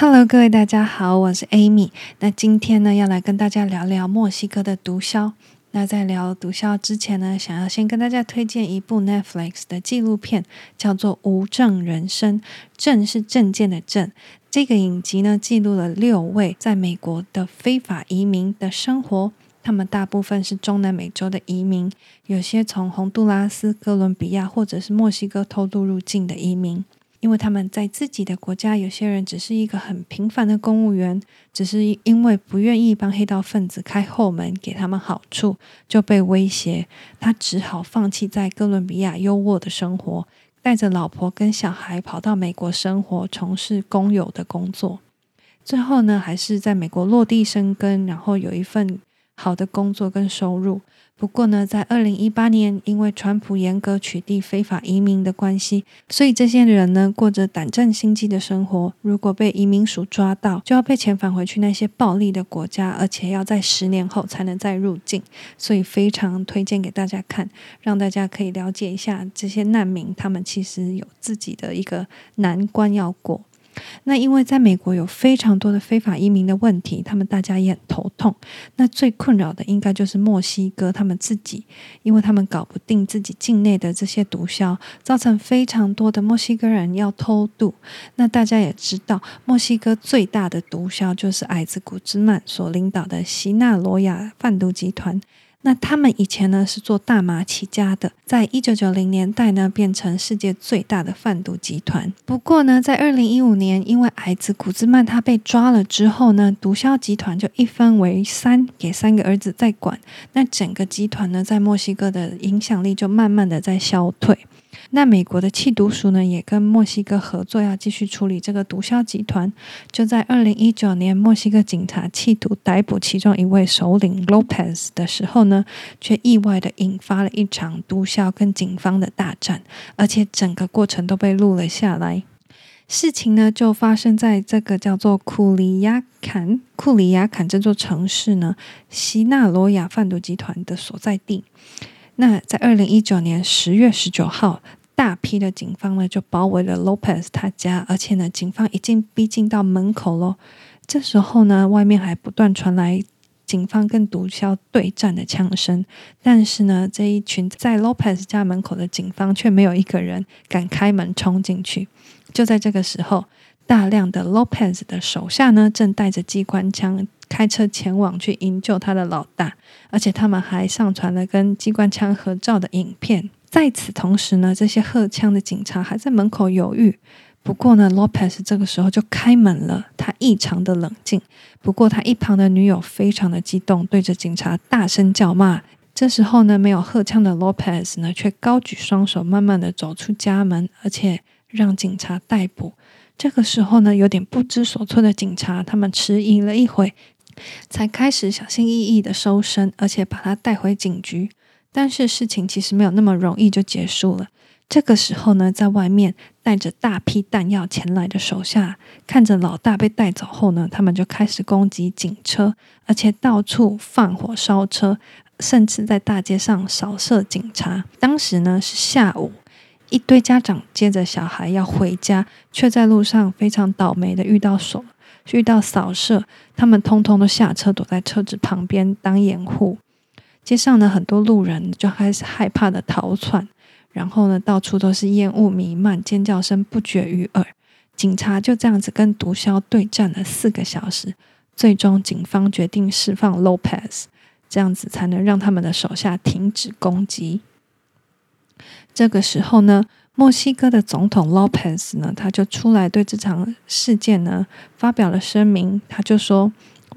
Hello，各位大家好，我是 Amy。那今天呢，要來跟大家聊聊墨西哥的毒梟。那在聊毒梟之前呢，想要先跟大家推薦一部 Netflix 的紀錄片，叫做《無證人生》，證是證件的證。這個影集呢，記錄了六位在美國的非法移民的生活，他們大部分是中南美洲的移民，有些從洪都拉斯、哥倫比亞或者是墨西哥偷渡入境的移民。因為他們在自己的國家，有些人只是一個很平凡的公務員，只是因為不願意幫黑道分子開後門給他們好處，就被威脅，他只好放棄在哥倫比亞優渥的生活，帶着老婆跟小孩跑到美國生活，從事工友的工作，最後呢，還是在美國落地生根，然後有一份好的工作跟收入，不過呢，在二零一八年，因為川普嚴格取締非法移民的關係，所以這些人呢，過着膽戰心驚的生活。如果被移民署抓到，就要被遣返回去那些暴力的國家，而且要在十年後才能再入境。所以非常推薦給大家看，讓大家可以了解一下這些難民，他們其實有自己的一個難關要過。那因為在美國有非常多的非法移民的問題，他們大家也很頭痛。那最困擾的應該就是墨西哥他們自己，因為他們搞不定自己境內的這些毒梟，造成非常多的墨西哥人要偷渡。那大家也知道，墨西哥最大的毒梟就是矮子古茲曼所領導的西納羅亞販毒集團。那他們以前呢是做大麻起家的，在一九九零年代呢變成世界最大的販毒集團。不過呢，在二零一五年，因為矮子古茲曼他被抓了之後呢，毒梟集團就一分為三，給三個兒子在管。那整個集團呢，在墨西哥的影響力就慢慢的在消退。那美國的緝毒署呢，也跟墨西哥合作，要繼續處理這個毒梟集團。就在二零一九年，墨西哥警察企圖逮捕其中一位首領 Lopez 的時候呢，卻意外地引發了一場毒梟跟警方的大戰，而且整個過程都被錄了下來。事情呢，就發生在這個叫做庫里亞坎、庫里亞坎這座城市呢，西納羅亞販毒集團的所在地。那在二零一九年十月十九號，大批的警方呢，就包圍了 Lopez 他家，而且呢，警方已經逼近到門口嘍。這時候呢，外面還不斷傳來警方跟毒梟對戰的槍聲，但是呢，這一群在 Lopez 家門口的警方卻沒有一個人敢開門衝進去。就在這個時候，大量的 Lopez 的手下呢，正帶着機關槍開車前往去營救他的老大，而且他們還上傳了跟機關槍合照的影片。在此同時呢，這些荷槍的警察還在門口猶豫。不過呢，Lopez 這個時候就開門了，他異常的冷靜。不過他一旁的女友非常的激動，對着警察大聲叫罵。這時候呢，沒有荷槍的 Lopez 呢，卻高舉雙手，慢慢的走出家門，而且讓警察逮捕。這個時候呢，有點不知所措的警察，他們遲疑了一會，才開始小心翼翼的搜身，而且把他帶回警局。但是事情其實沒有那麼容易就結束了。這個時候呢，在外面帶着大批彈藥前來的手下，看着老大被帶走後呢，他們就開始攻擊警車，而且到處放火燒車，甚至在大街上掃射警察。當時呢，是下午，一堆家長接着小孩要回家，卻在路上非常倒霉的遇到手，遇到掃射，他們通通都下車躲在車子旁邊當掩護。街上呢，很多路人就開始害怕的逃竄，然後呢，到處都是煙霧瀰漫，尖叫聲不絕於耳。警察就這樣子跟毒梟對戰了四個小時，最終警方決定釋放 Lopez，這樣子才能讓他們的手下停止攻擊。這個時候呢，墨西哥的總統 Lopez 呢，他就出來對這場事件呢發表了聲明，他就說，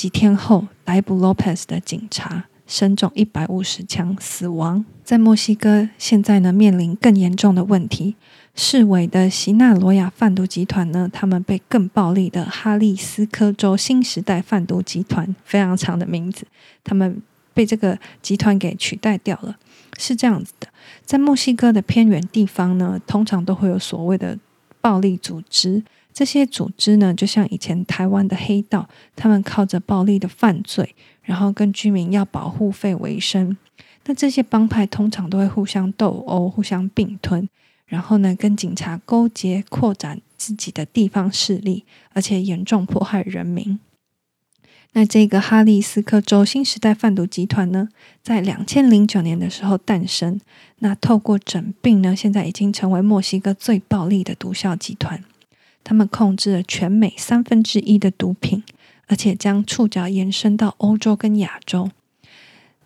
幾天後，逮捕洛佩斯的警察身中一百五十槍，死亡。在墨西哥，現在呢面臨更嚴重的問題。式微的錫納羅亞販毒集團呢，他們被更暴力的哈利斯科州新時代販毒集團，非常長的名字，他們被這個集團給取代掉了。是這樣子的，在墨西哥的偏遠地方呢，通常都會有所謂的暴力組織。這些組織呢，就像以前台灣的黑道，他們靠着暴力的犯罪，然後跟居民要保護費為生。那這些幫派通常都會互相鬥毆、互相併吞，然後呢，跟警察勾結，擴展自己的地方勢力，而且嚴重迫害人民。那這個哈利斯科州新時代販毒集團呢，在兩千零九年的時候誕生，那透過整併呢，現在已經成為墨西哥最暴力的毒梟集團。他們控制了全美三分之一的毒品，而且將觸角延伸到歐洲跟亞洲。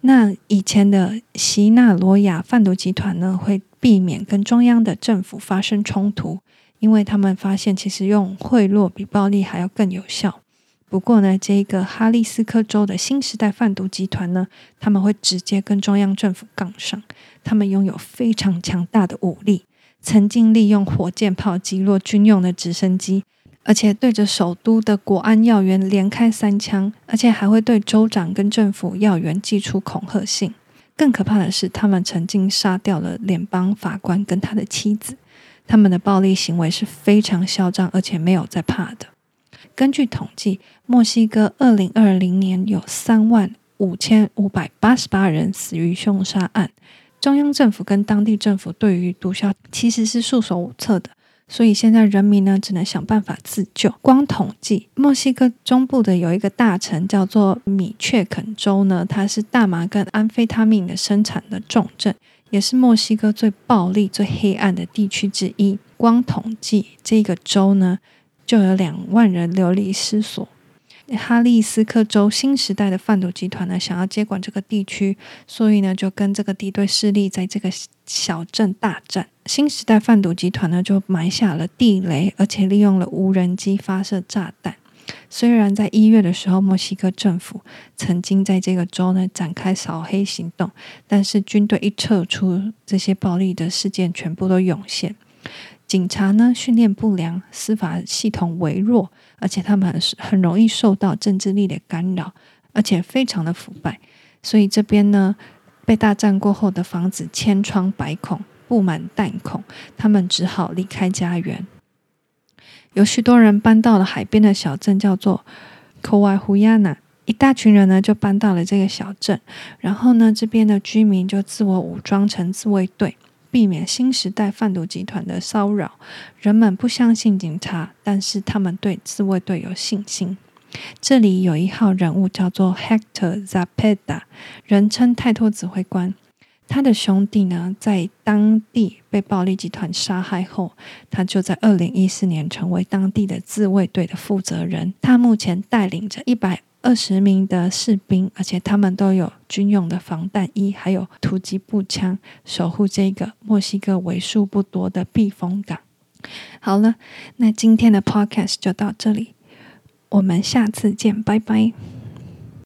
那以前的西納羅亞販毒集團呢，會避免跟中央的政府發生衝突，因為他們發現其實用賄賂比暴力還要更有效。不過呢，這個哈利斯科州的新時代販毒集團呢，他們會直接跟中央政府槓上，他們擁有非常強大的武力。曾經利用火箭炮擊落軍用的直升機，而且對着首都的國安要員連開三槍，而且還會對州長跟政府要員寄出恐嚇信。更可怕的是，他們曾經殺掉了聯邦法官跟他的妻子。他們的暴力行為是非常囂張，而且沒有在怕的。根據統計，墨西哥二零二零年有三萬五千五百八十八人死於兇殺案。中央政府跟當地政府對於毒梟其實是束手無策的，所以現在人民呢只能想辦法自救。光統計，墨西哥中部的有一個大城叫做米卻肯州呢，它是大麻跟安非他命的生產的重鎮，也是墨西哥最暴力、最黑暗的地區之一。光統計，這個州呢就有兩萬人流離失所。哈利斯科州新時代的販毒集團呢，想要接管這個地區，所以呢就跟這個敵對勢力在這個小鎮大戰。新時代販毒集團呢就埋下了地雷，而且利用了無人機發射炸彈。雖然在一月的時候，墨西哥政府曾經在這個州呢展開掃黑行動，但是軍隊一撤出，這些暴力的事件全部都湧現。警察呢，訓練不良，司法系統微弱，而且他們很很容易受到政治力的干擾，而且非常的腐敗。所以這邊呢，被大戰過後的房子千瘡百孔，布滿彈孔，他們只好離開家園。有許多人搬到了海邊的小鎮，叫做科瓦胡亞納。一大群人呢就搬到了這個小鎮，然後呢，這邊的居民就自我武裝成自衛隊。避免新時代販毒集團的騷擾，人們不相信警察，但是他們對自衛隊有信心。這裡有一號人物叫做 Hector Zapeta，人稱泰托指揮官。他的兄弟呢，在當地被暴力集團殺害後，他就在二零一四年成為當地的自衛隊的負責人。他目前帶領着一百。二十名的士兵，而且他們都有軍用的防彈衣，還有突擊步槍，守護這個墨西哥為數不多的避風港。好了，那今天的 Podcast 就到這裡，我們下次見，拜拜。